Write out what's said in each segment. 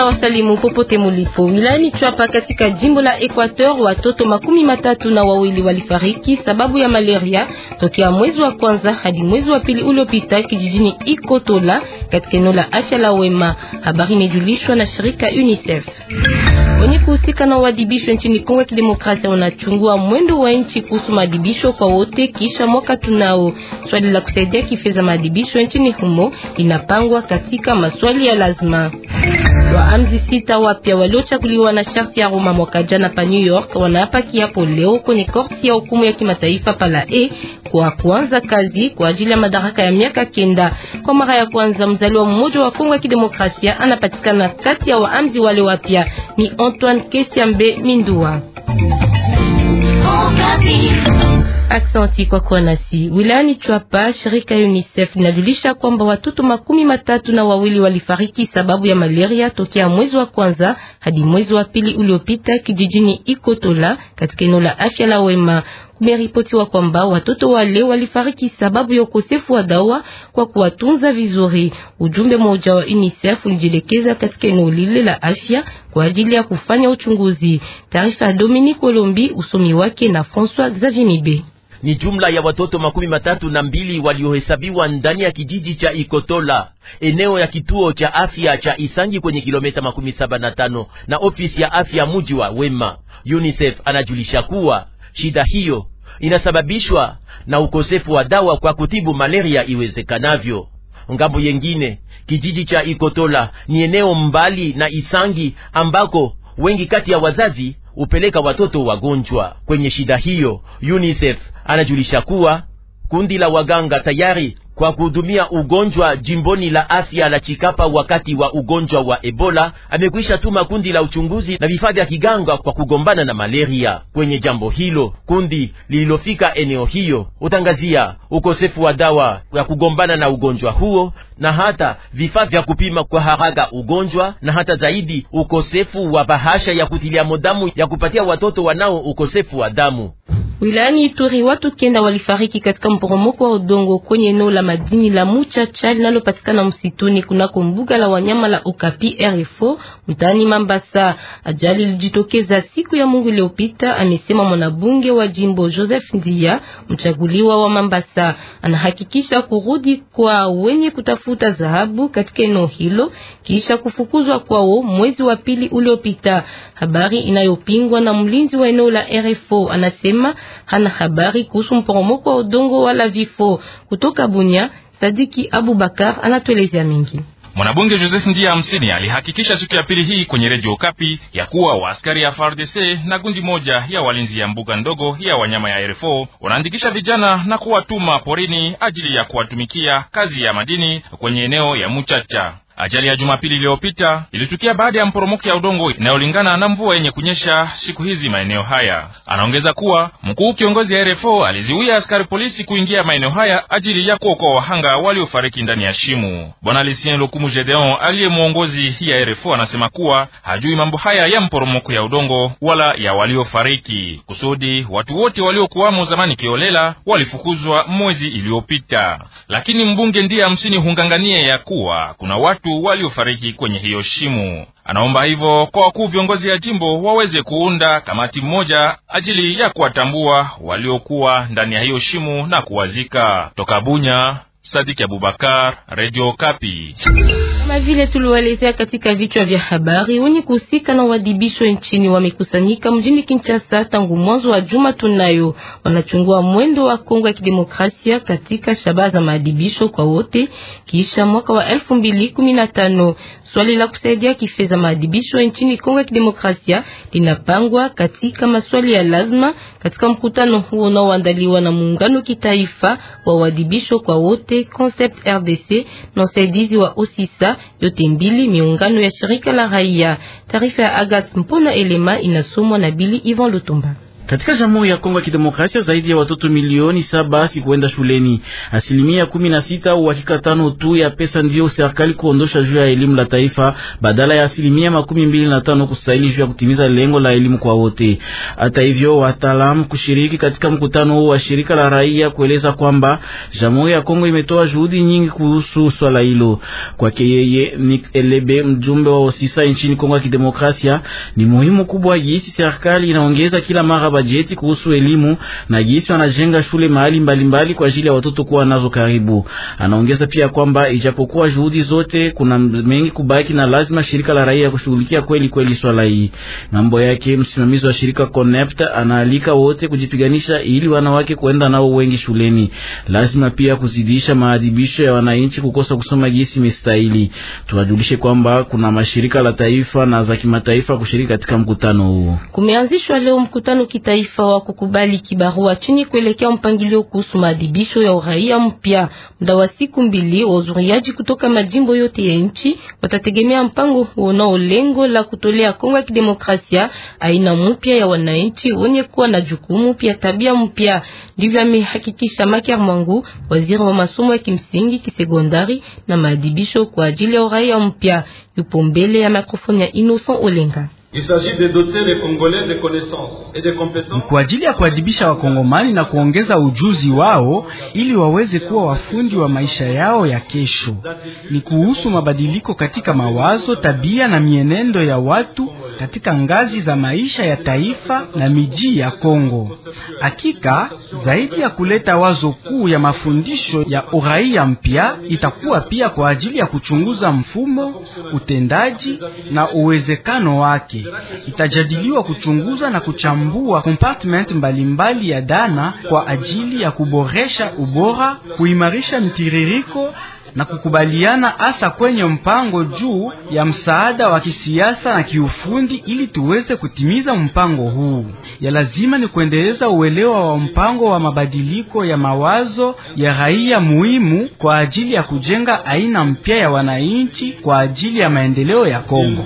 na wasalimu popote mulipo. Wilayani Chwapa katika jimbo la Equateur, watoto makumi matatu na wawili walifariki sababu ya malaria tokea mwezi wa kwanza hadi mwezi wa pili uliopita kijijini Ikotola katika eneo la afya la Wema. Habari imejulishwa na shirika UNICEF. Wenye kuhusika na uadibisho nchini Kongo ya Kidemokrasia wanachungua mwendo wa nchi kuhusu maadibisho kwa wote kisha mwaka tunao. Swali la kusaidia kifedha maadibisho nchini humo linapangwa katika maswali ya lazima. Waamzi sita wapya waliochaguliwa na sharti ya Roma mwaka jana pa New York wanaapa kiapo leo kwenye korti ya hukumu ya kimataifa pala e kwa kuanza kazi kwa ajili ya madaraka ya miaka kenda. Kwa mara ya kwanza mzaliwa mmoja wa Kongo ya Kidemokrasia anapatikana kati ya waamzi wale wapya, ni Antoine Kesiambe Mindua. Oh, Aksanti kwa kuwa nasi. Wilayani Chwapa, shirika UNICEF linajulisha kwamba watoto makumi matatu na wawili walifariki sababu ya malaria tokea mwezi wa kwanza hadi mwezi wa pili uliopita kijijini Ikotola katika eneo la afya la Wema. Kumeripotiwa kwamba watoto wale walifariki sababu ya ukosefu wa dawa kwa kuwatunza vizuri. Ujumbe mmoja wa UNICEF ulijielekeza katika eneo lile la afya kwa ajili ya kufanya uchunguzi. Taarifa ya Dominique Olombi, usomi wake na François Xavier Mibe. Ni jumla ya watoto makumi matatu na mbili waliohesabiwa ndani ya kijiji cha Ikotola, eneo ya kituo cha afya cha Isangi kwenye kilomita makumi saba na tano na ofisi ya afya muji wa Wema. UNICEF anajulisha kuwa shida hiyo inasababishwa na ukosefu wa dawa kwa kutibu malaria iwezekanavyo. Ngambo yengine, kijiji cha Ikotola ni eneo mbali na Isangi ambako wengi kati ya wazazi hupeleka watoto wagonjwa kwenye shida hiyo. UNICEF anajulisha kuwa kundi la waganga tayari kwa kuhudumia ugonjwa jimboni la afya la Chikapa wakati wa ugonjwa wa Ebola, amekwisha tuma kundi la uchunguzi na vifaa vya kiganga kwa kugombana na malaria. Kwenye jambo hilo, kundi lililofika eneo hiyo utangazia ukosefu wa dawa ya kugombana na ugonjwa huo na hata vifaa vya kupima kwa haraka ugonjwa, na hata zaidi ukosefu wa bahasha ya kutilia modamu ya kupatia watoto wanao ukosefu wa damu. Wilayani Ituri watu kenda walifariki katika mporomoko wa udongo kwenye eneo la madini la Muchacha linalopatikana msituni kunako mbuga la wanyama la Okapi RFO mtaani Mambasa. Ajali ilijitokeza siku ya Mungu iliyopita, amesema mwanabunge wa jimbo Joseph Ndia, mchaguliwa wa Mambasa. Anahakikisha kurudi kwa wenye kutafuta dhahabu katika eneo hilo kisha kufukuzwa kwao mwezi wa pili uliopita. Habari inayopingwa na mlinzi wa eneo la RFO anasema hana habari kuhusu mporomoko wa udongo wala vifo. Kutoka Bunya, Sadiki Abubakar anatuelezea mengi. Mwanabunge Joseph Ndia hamsini alihakikisha siku ya pili hii kwenye redio Kapi ya kuwa waaskari ya FARDC na gundi moja ya walinzi ya mbuga ndogo ya wanyama ya RFO wanaandikisha vijana na kuwatuma porini ajili ya kuwatumikia kazi ya madini kwenye eneo ya Muchacha. Ajali ya Jumapili iliyopita ilitukia baada ya mporomoko ya udongo inayolingana na mvua yenye kunyesha siku hizi maeneo haya. Anaongeza kuwa mkuu kiongozi ya RFO aliziwia askari polisi kuingia maeneo haya ajili ya kuokoa wahanga waliofariki ndani ya shimo. Bwana Lucien Lokumu Gedeon aliye mwongozi ya RFO anasema kuwa hajui mambo haya ya mporomoko ya udongo wala ya waliofariki kusudi watu wote waliokuwamo zamani kiolela walifukuzwa mwezi iliyopita, lakini mbunge ndiye hamsini hungangania ya kuwa kuna watu watu waliofariki kwenye hiyo shimo. Anaomba hivyo kwa wakuu viongozi ya jimbo waweze kuunda kamati moja ajili ya kuwatambua waliokuwa ndani ya hiyo shimo na kuwazika. Toka Bunya, Sadiki Abubakar, Radio Kapi. Kama vile tulioelezea katika vichwa vya habari, wenye kuhusika na uadhibisho nchini wamekusanyika mjini Kinshasa tangu mwanzo wa juma. Tunayo wanachungua mwendo wa Kongo ya Kidemokrasia katika shabaha za maadhibisho kwa wote kisha mwaka wa elfu mbili kumi na tano. Swali la kusaidia kifedha maadhibisho nchini Kongo ya Kidemokrasia linapangwa katika maswali ya lazima katika mkutano huo unaoandaliwa na muungano kitaifa wa uadhibisho kwa wote Concept RDC na usaidizi wa Osisa, yote mbili miungano ya shirika la raia. Taarifa ya Agat Mpona Elema inasomwa na Bili Ivan Lutumba. Katika Jamhuri ya Kongo ya Kidemokrasia, zaidi ya watoto milioni saba si kuenda shuleni. Asilimia kumi na sita au uhakika tano tu ya pesa ndio serikali kuondosha juu ya elimu la taifa badala ya asilimia makumi mbili na tano kustahili juu ya kutimiza lengo la elimu kwa wote. Hata hivyo, wataalamu kushiriki katika mkutano huu wa shirika la raia kueleza kwamba Jamhuri ya Kongo imetoa juhudi nyingi kuhusu swala hilo. Kwake yeye ni Elebe, mjumbe wa OSISA nchini Kongo ya Kidemokrasia, ni muhimu kubwa jinsi serikali inaongeza kila mara bajeti kuhusu elimu na jinsi wanajenga shule mahali mbalimbali kwa ajili ya watoto kuwa nazo karibu. Anaongeza pia kwamba ijapokuwa juhudi zote, kuna mengi kubaki na lazima shirika la raia kushughulikia kweli kweli swala hii. Ngambo yake msimamizi wa shirika Connect anaalika wote kujipiganisha ili wanawake kuenda nao wengi shuleni. Lazima pia kuzidisha maadhibisho ya wananchi kukosa kusoma jinsi mistahili. Tuwajulishe kwamba kuna mashirika la taifa na za kimataifa kushiriki katika mkutano huo. Kumeanzishwa leo mkutano kita Mataifa wa kukubali kibarua chini kuelekea mpangilio kuhusu maadhibisho ya uraia mpya. Muda wa siku mbili, wazuriaji kutoka majimbo yote ya nchi watategemea mpango huo na lengo la kutolea Kongo ya Kidemokrasia aina mpya ya wananchi wenye kuwa na jukumu pia tabia mpya. Ndivyo amehakikisha Maker Mwangu, waziri wa masomo ya kimsingi, kisekondari na maadhibisho kwa ajili ya uraia mpya. Yupo mbele ya mikrofoni ya Innocent Olenga ni kwa ajili ya kuadibisha Wakongomani na kuongeza ujuzi wao ili waweze kuwa wafundi wa maisha yao ya kesho. Ni kuhusu mabadiliko katika mawazo, tabia na mienendo ya watu katika ngazi za maisha ya taifa na miji ya Kongo. Hakika zaidi ya kuleta wazo kuu ya mafundisho ya uraia mpya, itakuwa pia kwa ajili ya kuchunguza mfumo, utendaji na uwezekano wake hii itajadiliwa kuchunguza na kuchambua compartment mbalimbali ya dana kwa ajili ya kuboresha ubora, kuimarisha mtiririko na kukubaliana hasa kwenye mpango juu ya msaada wa kisiasa na kiufundi ili tuweze kutimiza mpango huu. Ya lazima ni kuendeleza uelewa wa mpango wa mabadiliko ya mawazo ya raia muhimu kwa ajili ya kujenga aina mpya ya wananchi kwa ajili ya maendeleo ya Kongo.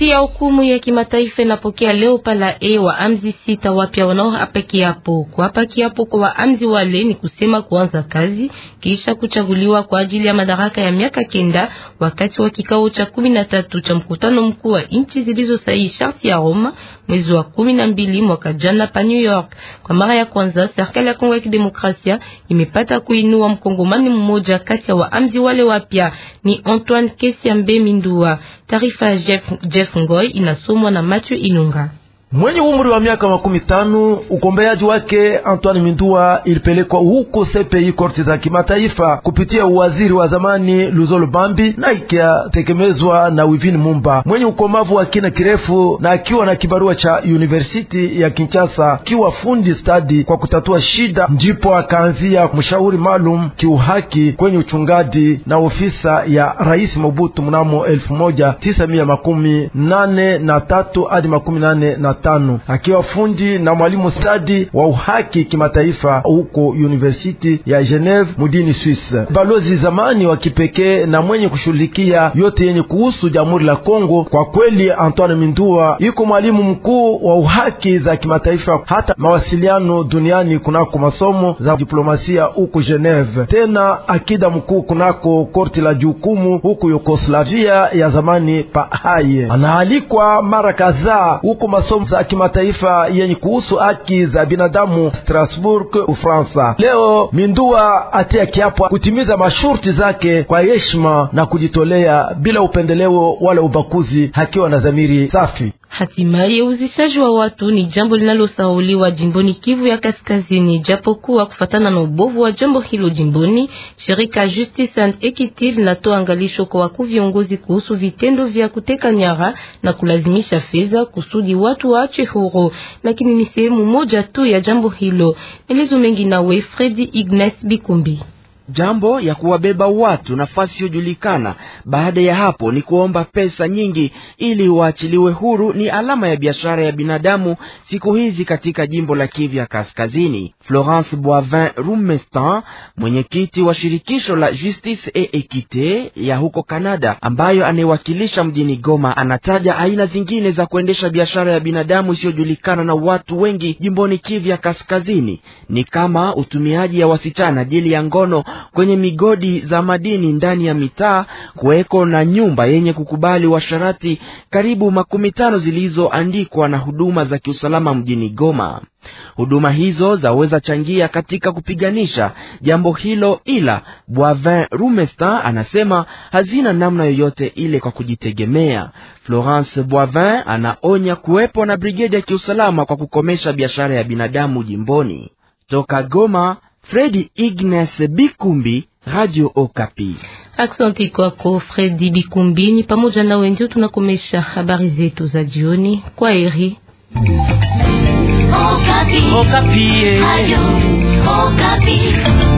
Ofisi ya hukumu ya kimataifa inapokea leo pala e amzi sita wapya hapa kiapo. hapa kiapo kwa waamzi wale ni kusema kuanza kazi kisha kuchaguliwa kwa ajili ya madaraka ya miaka kenda wakati wa kikao cha kumi na tatu cha mkutano mkuu wa nchi zilizosaini sharti ya Roma mwezi wa kumi na mbili mwaka jana pa New York. Kwa mara ya kwanza serikali ya Kongo ya Kidemokrasia imepata kuinua mkongomani mmoja kati ya waamzi wale wapya, ni Antoine Kesiambe Mindua. Taarifa ya Jeff, Jeff Ngoy inasomwa na Mathieu Inunga mwenye umri wa miaka makumi tano. ugombeaji wake Antoine Mindua ilipelekwa huko CPI, korti za kimataifa kupitia uwaziri wa zamani Luzolo Bambi, na ikiategemezwa na Wivini Mumba mwenye ukomavu wa kina kirefu na akiwa na kibarua cha University ya Kinshasa akiwa fundi stadi kwa kutatua shida, ndipo akaanzia mshauri maalum kiuhaki kwenye uchungaji na ofisa ya Rais Mobutu mnamo elfu moja tisa mia makumi nane na tatu hadi makumi nane na tano akiwa fundi na mwalimu stadi wa uhaki kimataifa huko University ya Geneve mudini Swiss, Balozi zamani wa kipekee na mwenye kushughulikia yote yenye kuhusu Jamhuri la Kongo kwa kweli, Antoine Mindua yuko mwalimu mkuu wa uhaki za kimataifa hata mawasiliano duniani kunako masomo za diplomasia huko Geneve, tena akida mkuu kunako korti la jukumu huko Yugoslavia ya zamani pa Haye. Anaalikwa mara kadhaa huko masomo za kimataifa yenye kuhusu haki za binadamu Strasbourg, Ufaransa. Leo Mindua atia kiapo kutimiza mashurti zake kwa heshima na kujitolea bila upendeleo wala ubakuzi, hakiwa na dhamiri safi. Hatimaye uzishaji wa watu ni jambo linalosauliwa jimboni Kivu ya Kaskazini, japokuwa kufatana na ubovu wa jambo hilo jimboni, shirika Justice and Equity linatoa angalisho kwa wakuu viongozi kuhusu vitendo vya kuteka nyara na kulazimisha fedha kusudi watu waache huru, lakini ni sehemu moja tu ya jambo hilo. Elezo mengi nawe fredi Ignace Bikumbi. Jambo ya kuwabeba watu nafasi yojulikana. Baada ya hapo ni kuomba pesa nyingi ili waachiliwe huru, ni alama ya biashara ya binadamu siku hizi katika jimbo la Kivya Kaskazini. Florence Boivin Rumestan, mwenyekiti wa shirikisho la Justice et Equite ya huko canada ambayo anayewakilisha mjini Goma, anataja aina zingine za kuendesha biashara ya binadamu isiyojulikana na watu wengi jimboni Kivya Kaskazini, ni kama utumiaji ya wasichana ajili ya ngono kwenye migodi za madini ndani ya mitaa, kuweko na nyumba yenye kukubali washarati karibu makumi tano zilizoandikwa na huduma za kiusalama mjini Goma. Huduma hizo zaweza changia katika kupiganisha jambo hilo, ila Boivin Rumesta anasema hazina namna yoyote ile kwa kujitegemea. Florence Boivin anaonya kuwepo na brigedi ya kiusalama kwa kukomesha biashara ya binadamu jimboni. Toka Goma, Fredi Ignes Bikumbi, Radio Okapi. Aksanti kwako Fredi Bikumbi. Ni pamoja na wenzio tunakomesha habari zetu za jioni. Kwa heri. Okapi. Okapi. Eh. Radio Okapi.